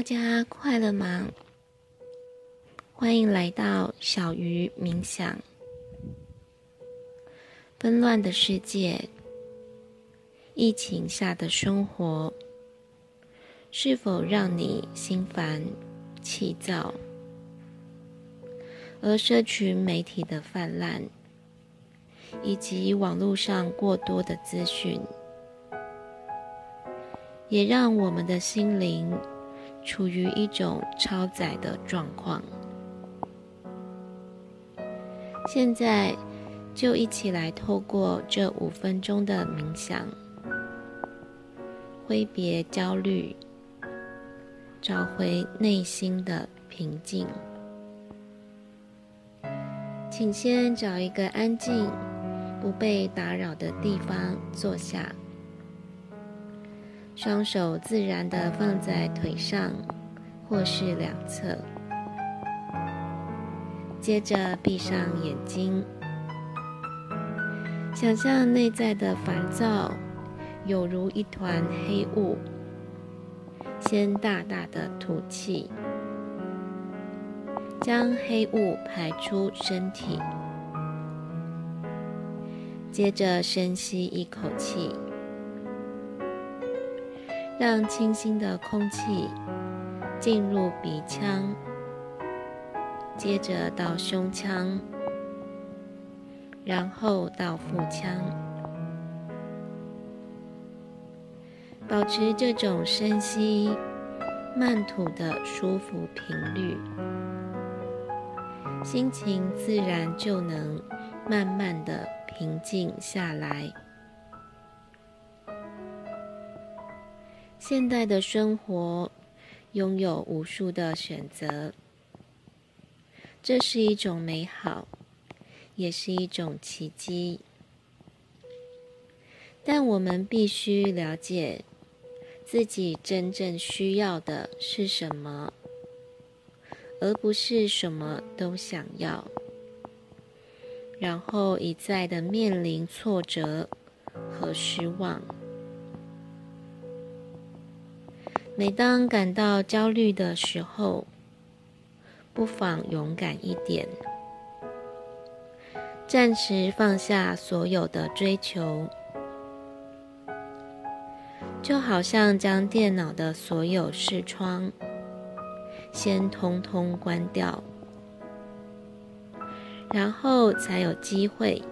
大家快樂嗎？歡迎來到小魚冥想。紛亂的世界，疫情下的生活，是否讓你心煩氣躁？而社群媒體的泛濫，以及網絡上過多的資訊，也讓我們的心靈處於一種超載的狀況，現在就一起來透過這五分鐘的冥想，揮別焦慮，找回內心的平靜。請先找一個安靜、不被打擾的地方坐下。雙手自然地放在腿上，或是兩側。接着閉上眼睛，想象內在的煩躁有如一團黑霧。先大大的吐氣，將黑霧排出身體。接着深吸一口氣。讓清新的空氣進入鼻腔，接着到胸腔，然後到腹腔，保持這種深吸慢吐的舒服頻率，心情自然就能慢慢的平靜下來。現代的生活擁有無數的選擇，這是一種美好，也是一種奇蹟。但我們必須了解自己真正需要的是什麼，而不是什麼都想要，然後一再地面臨挫折和失望。每當感到焦慮的時候，不妨勇敢一點，暫時放下所有的追求，就好像將電腦的所有視窗先通通關掉，然後才有機會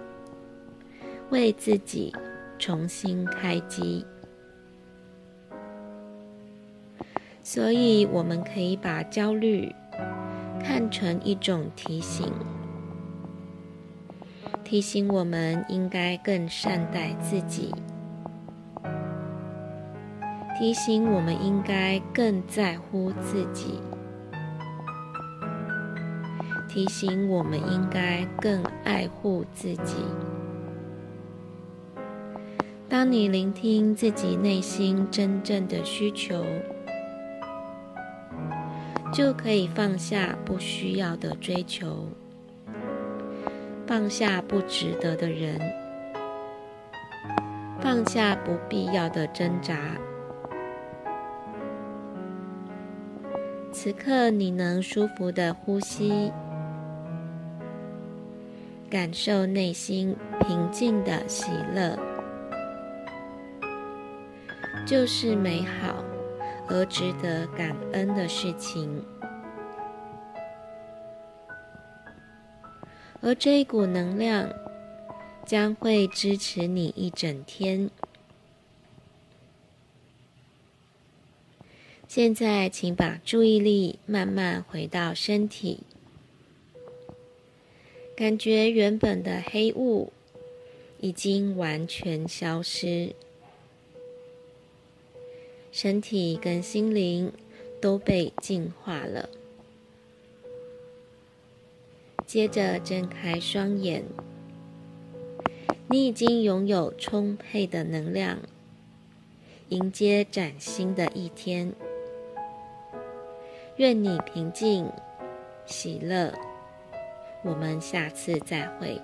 為自己重新開機。所以，我們可以把焦慮看成一種提醒，提醒我們應該更善待自己，提醒我們應該更在乎自己，提醒我們應該更愛護自己。當你聆聽自己內心真正的需求。就可以放下不需要的追求，放下不值得的人，放下不必要的掙扎。此刻你能舒服的呼吸，感受內心平靜的喜樂，就是美好。而值得感恩的事情，而這一股能量將會支持你一整天。現在，請把注意力慢慢回到身體，感覺原本的黑霧已經完全消失。身體跟心靈都被淨化了。接着睜開雙眼，你已經擁有充沛的能量，迎接嶄新的一天。願你平靜、喜樂。我們下次再會。